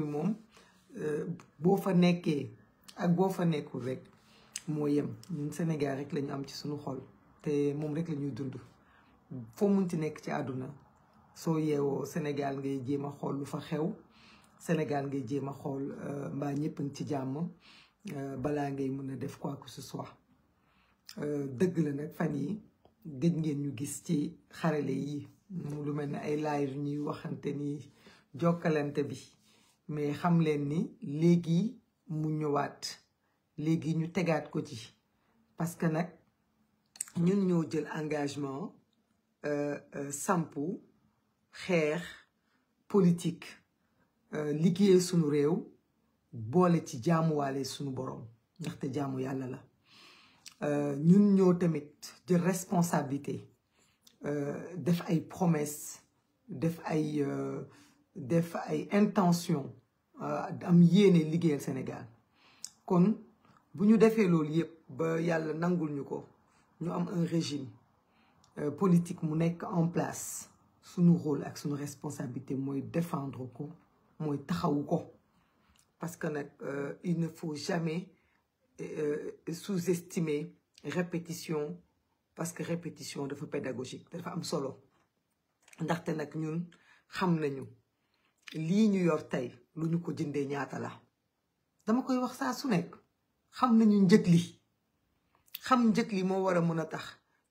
moom euh, boo fa nekkee ak boo fa nekkul rek moo yem ñun Sénégal rek lañu am ci suñu xol te moom rek la ñuy dund foo munti nekk ci àdduna soo yeewoo Sénégal ngay jéem a xool lu fa xew Sénégal ngay jéem a xool euh, mbaa ñëpp ngi ci jàmm euh, balaa ngay mën a def quoi que ce soit dëgg la nag fan yi gëj ngeen ñu gis ci xarale yi lu mel ni ay laay yu ñuy waxante ni jokkalante bi mais xam leen ni léegi mu ñëwaat léegi ñu tegaat ko ci parce que nag ñun ñoo jël engagement euh, euh, sampu xeex politique euh, liggéey suñu réew boole ci jaamuwaale suñu borom ndaxte jaamu yàlla la ñun ñoo tamit jël responsabilité def ay promesse def ay def ay intention Euh, am yéene liggéeyal Sénégal kon bu ñu defee loolu yëpp ba yàlla nangul ñu ko ñu am un régime euh, politique mu nekk en place suñu rôle ak suñu responsabilité mooy défendre ko mooy taxawu ko parce que nag euh, il ne faut jamais sous-estimer répétition parce que répétition dafa pédagogique dafa am solo ndaxte nag ñun xam nañu lii ñu yor tey lu ñu ko jëndee ñaata la dama koy wax saa su nekk xam nañu njëg li xam njëg li moo war a mën a tax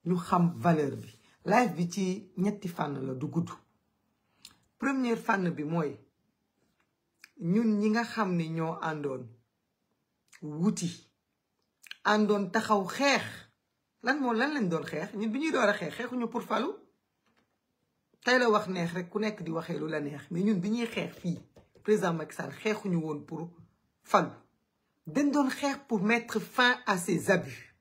ñu xam valeur bi live bi ci ñetti fànn la du gudd première fànn bi mooy ñun ñi nga xam ni ñoo àndoon wuti àndoon taxaw xeex lan moom lan lañ doon xeex ñun bi ñuy door a xeex xeexuñu pour falu tey la wax neex rek ku nekk di waxee lu la neex mais ñun bi ñuy xeex fii président Macky Sall xeexuñu woon pour falu dañ doon xeex pour mettre fin à ces abus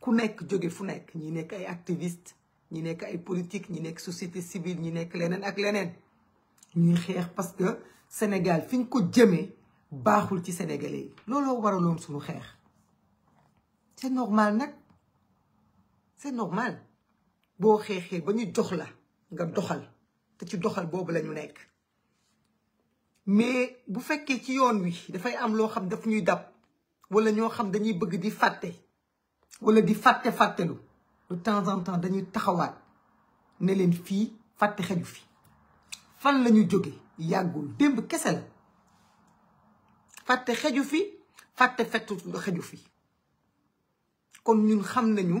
ku nekk jóge fu nekk ñi nekk ay activiste ñi nekk ay politique ñi nekk société civile ñi nekk leneen ak leneen ñuy xeex parce que Sénégal fi ñu ko jëmee baaxul ci sénégalais yi looloo waraloon suñu xeex c'est normal nag c'est normal boo xeexee ba ñu jox la nga doxal te ci doxal boobu la ñu nekk mais bu fekkee ci yoon wi dafay am loo xam daf ñuy dab wala ñoo xam dañuy bëgg di fàtte wala di fàtte fàttelu de temps en temps dañuy taxawaat ne leen fii fàtte xeju fi fan la jóge yàggul démb kese fàtte xeju fi fàtte fettu xeju fi kon ñun xam nañu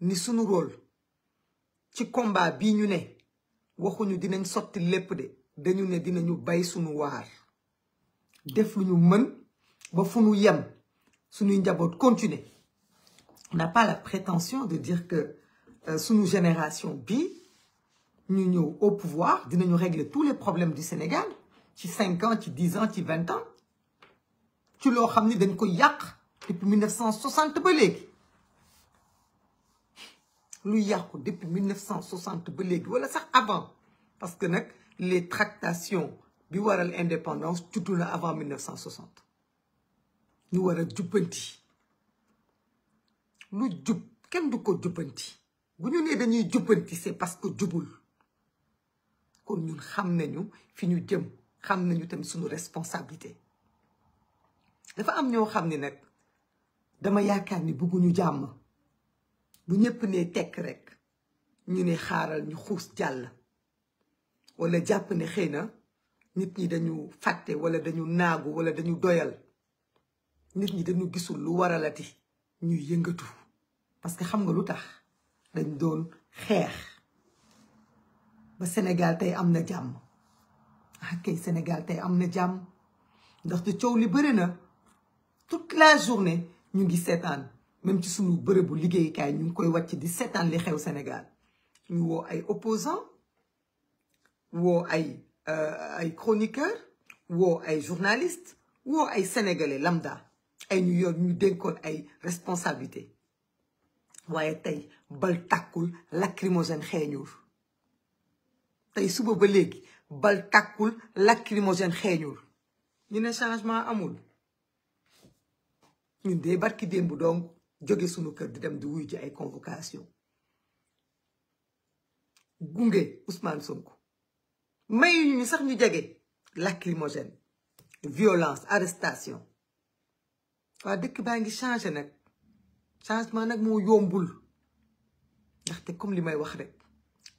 ni sunu rôle ci combat bii ñu ne waxuñu dinañ sotti lépp de dañu ne dinañu bay suñu waar def lu ñu mën ba fu ñu yem suñuy njaboot continuer n'a pas la prétention de dire que euh, suñu génération bi ñu ñëw au pouvoir dinañu régler tous les problèmes du Sénégal ci cinq ans ci dix ans ci vingt ans ci loo xam ni dañ ko yàq depuis 1960 ba léegi lu yàqu depuis 1960 ba léegi wala sax avant parce que nag le tractations bi waral indépendance juddu la avant 1960 ñu war a jubbanti lu jub kenn du ko jubbanti bu ñu nee dañuy jubbanti c'est parce que jubul kon ñun xam nañu fi ñu jëm xam nañu tamit suñu responsabilité dafa am ñoo xam ni nag dama yaakaar ni bëgguñu jàmm bu ñëpp ne tekk rek ñu ne xaaral ñu xuus jàll wala jàpp ne xëy na nit ñi dañu fàtte wala dañu naagu wala dañu doyal nit ñi dañu gisul lu waralati ñuy yëngatu parce que xam nga lu tax dañ doon xeex ba Sénégal tey am na jàmm ah kay tey am na jàmm ndaxte coow li bëri na toute la journée ñu ngi seetaan même ci suñu bërëbu liggéeykaay ñu ngi koy wàcc di seetaan li xew Sénégal ñu woo ay opposants wo ay ay chroniqueur woo ay euh, journaliste woo ay sénégalais lamda ay ñu yor ñu dénkoon ay responsabilité waaye tey bal tàkkul lacrymogène xeeñuur tey suba ba léegi bal tàkkul lacrymogène xeeñuur ñu ne changement amul ñun dee barki démb donc jóge suma kër di dem di wuy ay convocation gunge Ousmane Sonko mayu ñu sax ñu jege lacrymogène violence arrestation waa dëkk baa ngi changé nag changement nag moo yombul ndaxte comme li may wax rek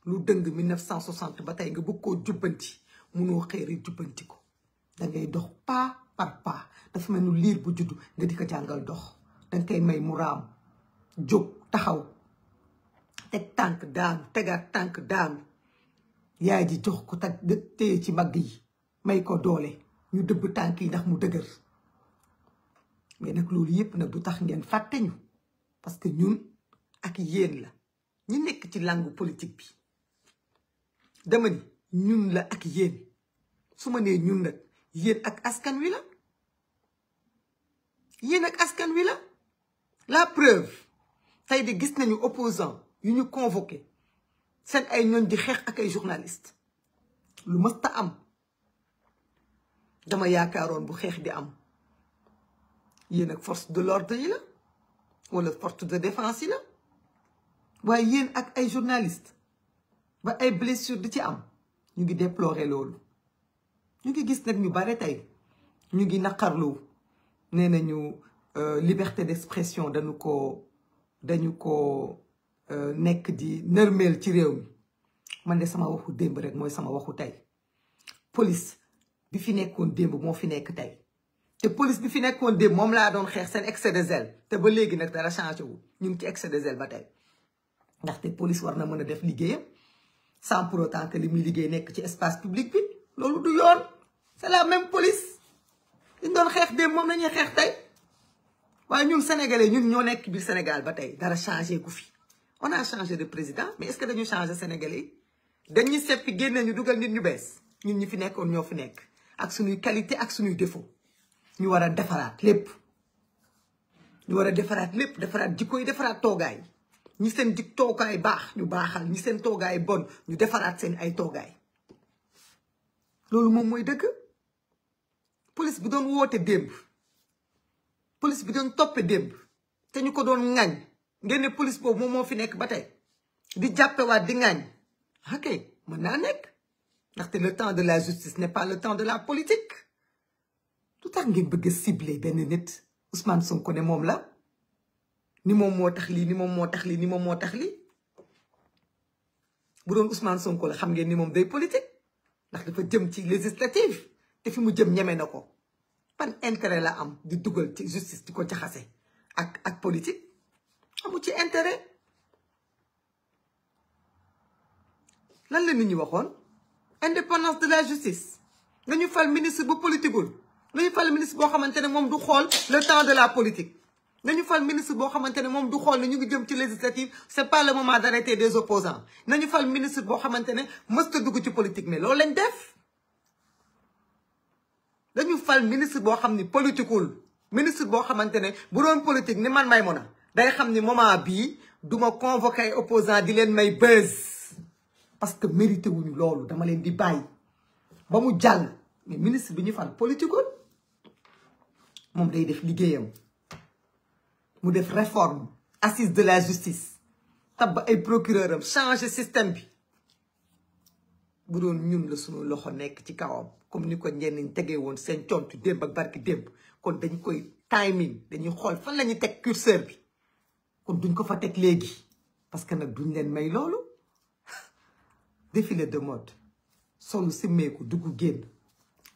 lu dëng 1960 ba tey nga bëgg koo jubbanti munoo xëyri jubbanti ko dangay dox pas par pas dafa mel liir bu juddu nga di ko jàngal dox danga koy may mu raam jóg taxaw teg tànk daanu tegaat tànk daanu yaay ji jox ko tag téye ci mbagg yi may ko doole ñu dëbb tànk yi ndax mu dëgër mais nag loolu yépp nag du tax ngeen fàtte ñu parce que ñun ak yéen la ñu nekk ci langue politique bi dama ni ñun la ak yéen su ma nee ñun nag yéen ak askan wi la yéen ak askan wi la la preuve tey di gis nañu opposant yu ñu convoqué seen ay ñoñ di xeex ak ay journaliste lu masta am dama yaakaaroon bu xeex di am yéen ak force de l'ordre yi wala force de défense yi la waaye yéen ak ay journaliste ba ay blessure di ci am ñu ngi déplorer loolu ñu ngi gis nag ñu bare tey ñu ngi naqarlu nee nañu euh, liberté d'expression dañu ko dañu ko Euh, nekk di nërmeel ci réew mi man de sama waxu démb rek mooy sama waxu tey police bi fi nekkoon démb moo fi nekk tey te police bi fi nekkoon démb moom laa doon xeex seen excès de zèle te ba léegi nag dara changé wu ñu ngi ci excès de zèle ba tey ndaxte police war na mën a def liggéeyam sans pour autant li muy liggéey nekk ci espace public bi loolu du yoon c'est la même police li doon xeex démb moom la ñuy xeex tey waaye ñun sénégalais ñun ñoo nekk bi Sénégal ba tey dara changé ku fi. on a changé de président mais est-ce que dañu changé Sénégalais yi dañu seppi génne ñu dugal nit ñu bees ñun ñi fi nekkoon ñoo fi nekk ak suñuy qualité ak suñuy défaut ñu war a defaraat lépp ñu war a defaraat lépp defaraat jikko yi defaraat toogaay ñi seen jik toogaay baax ñu baaxal ñi seen toogaay bon ñu defaraat seen ay toogaay loolu moom mooy dëgg police bi doon woote démb police bi doon toppee démb te ñu ko doon ŋañ ngeen ne police boobu moom moo fi nekk ba tey di jàppewaat di ngaañ ok mën naa nekk ndaxte le temps de la justice ne pas le temps de la politique lu tax ngeen bëgg a ciblé benn nit Ousmane Sonko ne moom la ni moom moo tax lii ni moom moo tax lii ni moom moo tax lii bu doon Ousmane la xam ngeen ni moom day politique ndax dafa jëm ci législative te fi mu jëm ñeme na ko ban intérêt la am di dugal ci justice di ko jaxase ak ak politique tere lan la nit ñi waxoon indépendance de la justice nañu fal ministre bu politiqueul nañu fal ministre boo xamante ne moom du xool le temps de la politique nañu fal ministre boo xamante ne moom du xool ne ñu ngi jëm ci législative c'est pas le moment d'arrêter des opposants nañu fal ministre boo xamante ne mësta dugg ci politique mais loolu lañ def dañu fal ministre boo xam ni politiqueul ministre boo xamante ne bu doon politique ni man may mun a day xam ni moment bii du ma convoqué ay opposant di leen may bës parce que mérité wuñu loolu dama leen di bàyyi ba mu jàll mais ministre bi ñu fal politique moom day def liggéeyam mu def réforme assise de la justice tab ay procureur am changer système bi bu doon ñun la suñu loxo nekk ci kawam comme ni ko ñenn ñi tegee woon seen contu démb a barki démb kon dañ koy timing dañuy xool fan la ñuy teg curseur bi kon duñ ko fa teg léegi parce que nag duñ leen may loolu défilé de mode solu simmeeku dugg génn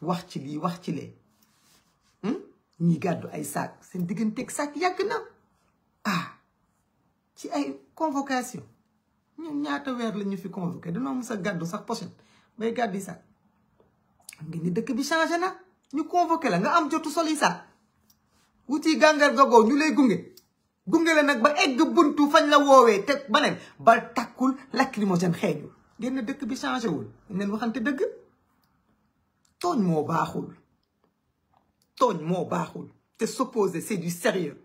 wax ci lii wax ci lee hmm? ñuy gàddu ay saak seen digganteeg saak yàgg na ah ci ay convocation ñun ñaata weer la ñu fi convoqué dañoo mës sa gàddu sax pochette bay gàddu yi saak xam nga ni dëkk bi changé na ñu convoqué la nga am jotu sol yi saak wuti gàngar gogoo ñu lay gunge gunge la nag ba egg buntu fañ la woowee te baneen ba takkul lacrymogène xeeñul génn dëkk bi changé wul neen waxante dëgg tooñ moo baaxul tooñ moo baaxul te s'opposer c'est du sérieux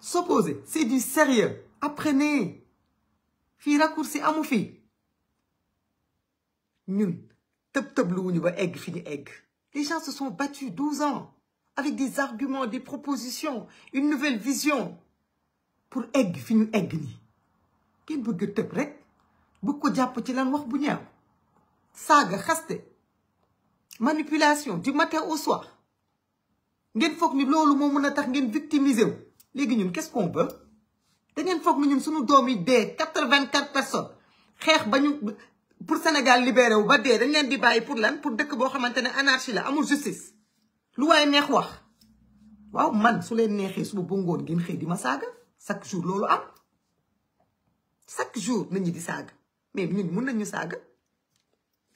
s'opposer c'est du sérieux apprenez fii raccourci amu fii ñun tëb tëb lu wuñu ba egg fi ñu egg les gens se sont battus douze ans avec des arguments des propositions une nouvelle vision pour egg fi ñu egg nii ngeen bëgg teb rek bëgg ko jàpp ci lan wax bu ñaaw saaga xaste manipulation du matin au soir ngeen foog ni loolu moo mën a tax ngeen victimiser wu léegi ñun qu'est-ce qu'on veut da ngeen foog ni ñu sunu doom yi dee quatre-vingt-quatre personnes xeex ba ñu pour Sénégal libéré wu ba dee dañ leen di bàyyi pour lan pour dëkk boo xamante ne anarchie la amul justice lu waaye neex wax waaw man su leen neexee suba ba ngoon ngeen xëy di ma saaga chaque jour loolu am chaque jour nañu di saaga mais ñun mun nañu saaga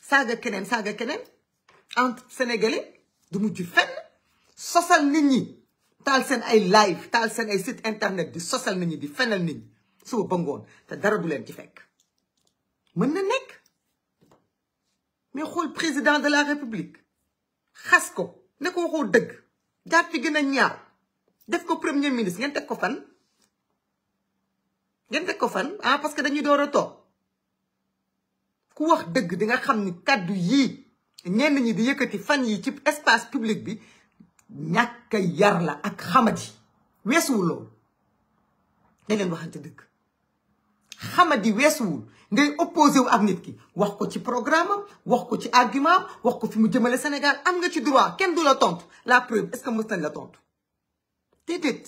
saaga keneen saaga keneen entre sénégalais du mujj fenn sosal nit ñi taal seen ay live taal seen ay site internet di sosal nit ñi di fenal na ñi suba ba ngoon te dara du leen ci fekk mën na nekk mais xool président de la république xas ko ne ko waxoo dëgg jaar fi gën a ñaaw def ko premier ministre ngeen teg ko fan ngeen teg ko fan ah parce que dañuy door a toog ku wax dëgg di nga xam ni kàddu yii ñenn ñi di yëkkati fan yi ci espace public bi ñàkk yar la ak xamadi weesuwuloo loolu dañ leen waxante dëgg xamadi weesuwul ngay opposé wu ak nit ki wax ko ci programme am wax ko ci argument wax ko fi mu jëmale Sénégal am nga ci droit kenn du la tontu la preuve est-ce que mës nañ la tontu déedéet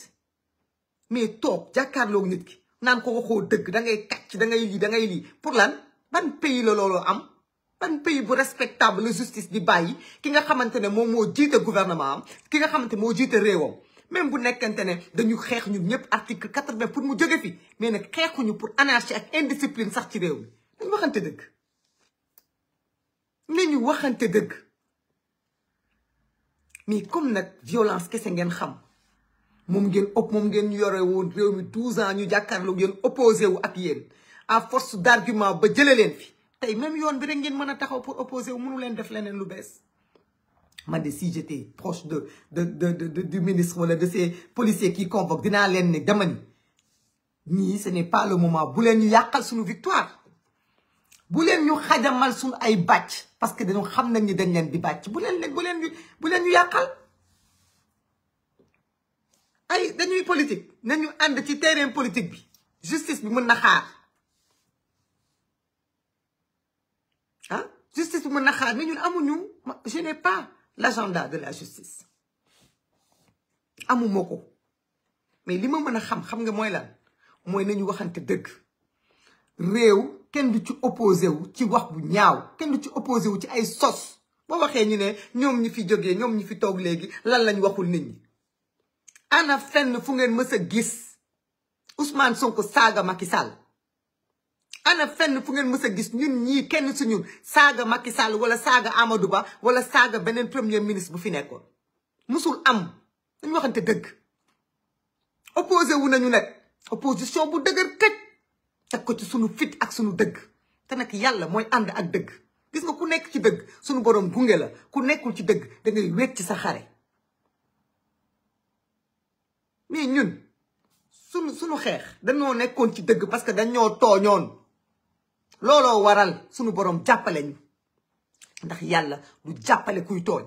mais toog jàkkaarloog nit ki naan ko waxoo dëgg da ngay kàcc da ngay lii da ngay lii pour lan ban pays la looloo am ban pays bu respectable justice di bàyyi ki nga xamante ne moom moo jiite gouvernement am ki nga xamante moo jiite réewam même bu nekkante ne dañu xeex ñu ñëpp article quatre-vingt pour mu jóge fi mais nag xeexuñu pour anarchie ak indiscipline sax ci réew mi dañu waxante dëgg nañu waxante dëgg mais comme nag violence kese ngeen xam moom ngeen ëpp moom ngeen yore woon réew mi douze ans ñu jàkkaarloo ngeen opposé wu ak yéen à force d'argument ba jëlee leen fi tey même yoon bi rek ngeen mën a taxaw pour opposé wu mënu leen def leneen lu bees ma de si j'étais proche de de de de du ministre wala de ces policiers qui convoquent dinaa leen ne dama ni ñii ce n'est pas le moment bu leen ñu yàqal suñu victoire bu leen ñu xajamal suñu ay bàcc parce que dañu xam nañ ni dañ leen di bàcc bu leen leen bu leen ñu bu leen ñu yàqal ay dañuy politique nañu ànd ci terrain politique bi justice bi mën na xaar ah justice bi mën na xaar mais ñun amuñu je n'ai pas l'agenda de la justice amuma ko mais li ma mën a xam xam nga mooy lan mooy nañu waxante dëgg réew kenn du ci opposé wu ci wax bu ñaaw kenn du ci opposé wu ci ay sos boo waxee ñu ne ñoom ñi fi jógee ñoom ñi fi toog léegi lan lañ waxul nit ñi ana fenn fu ngeen mës a gis Ousmane Sonko saaga Macky sal ana fenn fu ngeen mës a gis ñun ñii kenn si ñun saaga Macky Sall wala saaga Amadou Ba wala saaga beneen premier ministre bu fi nekkoon musul am dañu waxante dëgg opposé wu nañu nag opposition bu dëgër këj teg ko ci sunu fit ak sunu dëgg te nag yàlla mooy ànd ak dëgg gis nga ku nekk ci dëgg sunu borom gunge la ku nekkul ci dëgg da ngay ci sa xare mais ñun sunu sunu xeex dañoo nekkoon ci dëgg parce que dañoo tooñoon looloo waral sunu borom jàppale ñu ndax yàlla lu jàppale kuy tooñ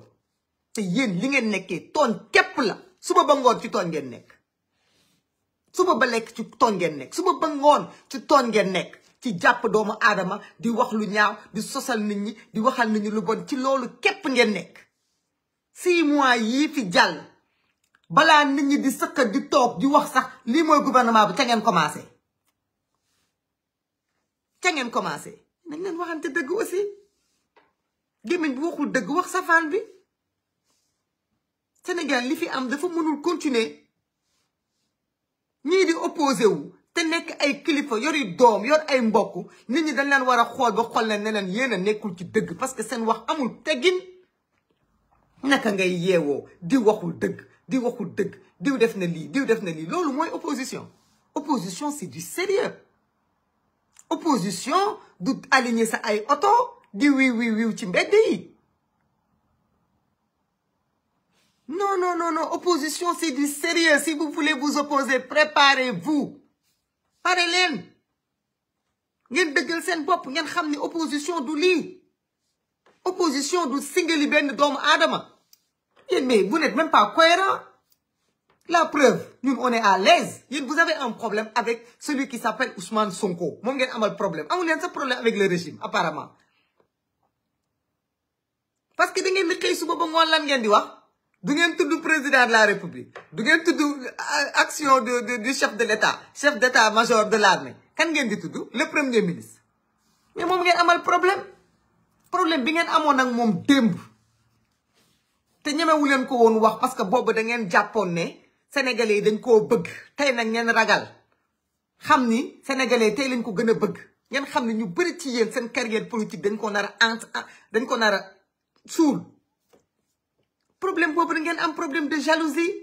te yéen li ngeen nekkee tooñ képp la suba ba ngoon ci tooñ ngeen nekk suba ba lekk ci tooñ ngeen nekk suba ba ngoon ci tooñ ngeen nekk ci jàpp doomu aadama di wax lu ñaaw di sosal nit ñi di waxal nit ñi lu bon ci loolu képp ngeen nekk six mois yii fi jàll balaa nit ñi di sëqat di toog di wax sax lii mooy gouvernement bu ca ngeen commencé ca ngeen commencé nañ leen waxante dëgg aussi gémmiñ bi waxul dëgg wax safaan bi Sénégal li fi am dafa mënul continuer ñii di opposé wu te nekk ay kilifa yori doom yor ay mbokk nit ñi dañ leen war a xool ba xool leen ne leen yéen a nekkul ci dëgg parce que seen wax amul teggin naka ngay yeewoo di waxul dëgg di waxul dëgg diw def na lii diw def na lii loolu mooy opposition opposition c'est du sérieux opposition du aligner sa ay oto di wiw wiw wiw ci mbedd yi non non non non opposition c'est du sérieux si vous voulez vous opposer préparez-vous pare leen ngeen dëggal seen bopp ngeen xam ni opposition du lii opposition du singali benn doomu aadama yéen mais vous n'êtes même pas cohérent la preuve ñun one à l'aise yéen bu avez un problème avec celui qui s'appelle Ousmane Sonko moom ngeen amal problème amu leen sa problème avec le régime apparemment parce que da ngeen di xëy suba ba ngoon lan ngeen di wax du ngeen tudd président de la république du ngeen tudd euh, action de du chef de l'état chef d'état major de l'armée kan ngeen di tudd le premier ministre mais moom ngeen amal problème problème bi ngeen amoon ak moom démb te ñemewu leen ko woon wax parce que boobu da jàppoon ne sénégalais yi dañ koo bëgg tey nag ngeen ragal xam ni sénégalais tey lañ ko gën a bëgg ngeen xam ni ñu bëri ci yéen seen carrière politique dañ ko nar a ent dañ ko nar a suul problème boobu da ngeen am problème de jalousie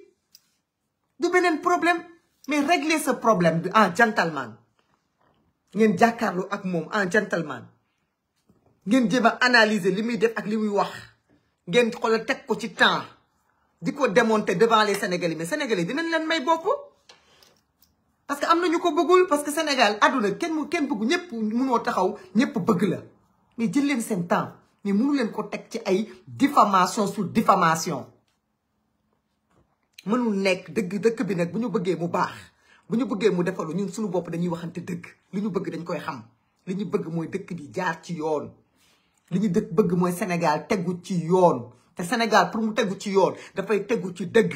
du beneen problème mais régler ce problème bi en gentleman ngeen jàkkaarloo ak moom en gentleman ngeen jéem a analyser li muy def ak li muy wax ngeen xoolal teg ko ci temps di ko démonter devant les sénégalais mais sénégalais dinañ leen may bopp parce que am na ñu ko bëggul parce que Sénégal adduna kenn mu kenn bëggu ñëpp mënoo taxaw ñëpp bëgg la mais jël leen seen temps mais mënu leen teg ci ay diffamation sur diffamation mënul nekk dëgg dëkk bi nag bu ñu bëggee mu baax bu ñu bëggee mu defalu ñun suñu bopp dañuy waxante dëgg li ñu bëgg dañ koy xam li ñu bëgg mooy dëkk bi jaar ci yoon li ñu dëkk bëgg mooy Sénégal tegu ci yoon te Sénégal pour mu tegu ci yoon dafay tegu ci dëgg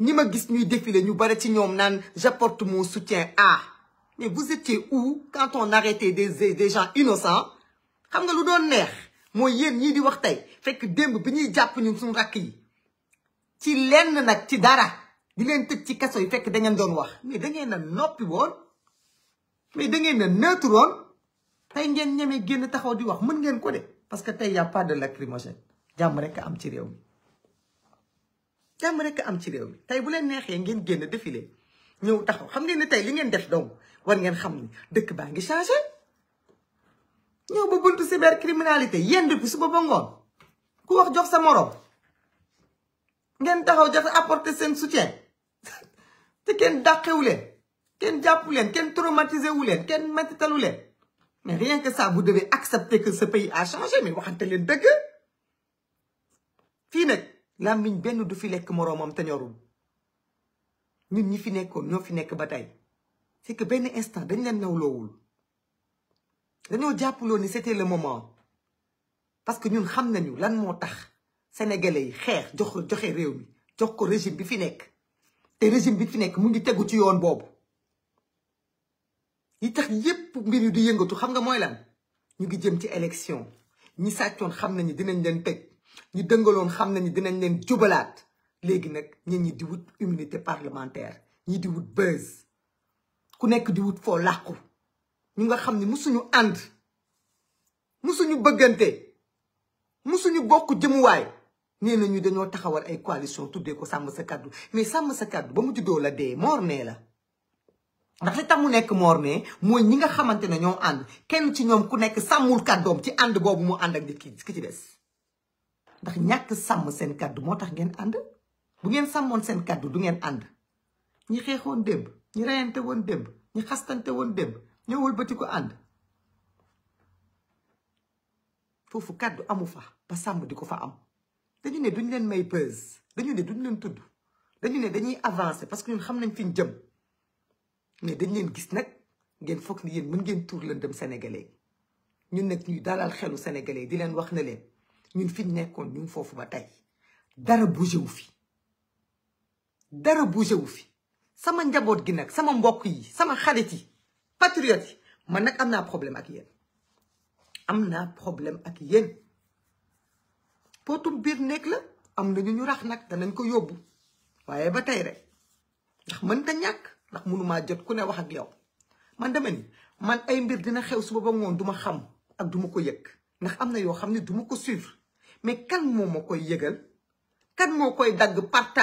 ñi ma gis ñuy défilé ñu bari ci ñoom naan j'apporte mon soutien à mais vous étiez où quand on arrêtait des des gens innocents xam nga lu doon neex mooy yéen ñii di wax tey fekk démb bi ñuy jàpp ñun suñu rakk yi ci lenn nag ci dara di leen tëj ci kaso yi fekk da ngeen doon wax mais da ngeen na noppi woon mais da ngeen na neutre woon tey ngeen ñemee génn taxaw di wax mën ngeen ko de parce que tey y a pas de lacrymogène jàmm rek am ci réew mi jàmm rek am ci réew mi tey bu leen neexee ngeen génn défilé ñëw taxaw xam ngeen ni tey li ngeen def dong war ngeen xam ni dëkk baa ngi changé ñëw ba buntu cybercriminalité yendu bi suba ba ngoon ku wax jox sa moro ngeen taxaw joxe apporte seen soutien te kenn dàqewu leen kenn jàppu leen kenn traumatisé wu leen kenn metitalu leen mais rien que ça vous devez accepter que ce pays a changé mais waxante leen dëgg fii nag làmmiñ benn du fi lekk moroomam te ñorul ñun ñi fi nekkoon ñoo fi nekk ba tey c'est que benn instant dañ leen nawloowul dañoo jàppuloo ni c'était le moment parce que ñun xam nañu lan moo tax sénégalais yi xeex jox joxe réew mi jox ko régime bi fi nekk te régime bi fi nekk mu ngi tegu ci yoon boobu yi tax yépp mbir yi di yëngatu xam nga mooy lan ñu ngi jëm ci élection ñi sàccoon xam nañu dinañ leen tëj ñi dëngaloon xam nañu dinañ leen jubalaat léegi nag ñen ñi di wut immunité parlementaire ñi diwut wut ku nekk di wut foo làqu ñu nga xam ne musuñu ànd musuñu bëggante suñu bokk jëmuwaay nee na ñu dañoo taxawal ay coalition tuddee ko sàmm sa kàddu mais sàmm sa kàddu ba mu juddoo la dee moor nee la ndax li tax mu nekk moor mais mooy ñi nga xamante ne ñoo ànd kenn ci ñoom ku nekk sàmmul kàddoom ci ànd boobu mu ànd ak nit ki ki ci des ndax ñàkk sàmm seen kàddu moo tax ngeen ànd bu ngeen sàmmoon seen kàddu du ngeen ànd ñi xeexoon démb ñi reyante woon démb ñi xastante woon démb ñoo wëlbati ko ànd foofu kàddu amu fa ba sàmm di ko fa am dañu ne duñ leen may buzz dañu ne duñ leen tudd dañu ne dañuy avancer parce que ñun xam nañ fi ñu jëm mais dañ leen gis nag ngeen foog ni yéen mën ngeen tuur leen dem sénégalais ñun ñu daal dalal xelu sénégalais di leen wax na leen ñu fi ñu nekkoon ñu ngi foofu ba tey dara bougé wu fi dara bougé wu fi sama njaboot gi nag sama mbokk yi sama xarit yi patriote yi man nag am naa problème ak yéen am na problème ak yéen potum biir nekk la am na ñu ñu rax nag danañ ko yóbbu waaye ba tey rek ndax mën ta ñàkk ndax mënumaa jot ku ne wax ak yow man dama ni man ay mbir dina xew suba ba ngoon duma xam ak duma ko yëg ndax am na yoo xam ne duma ko suivre mais kan moo koy yëgal kan moo koy dagg partage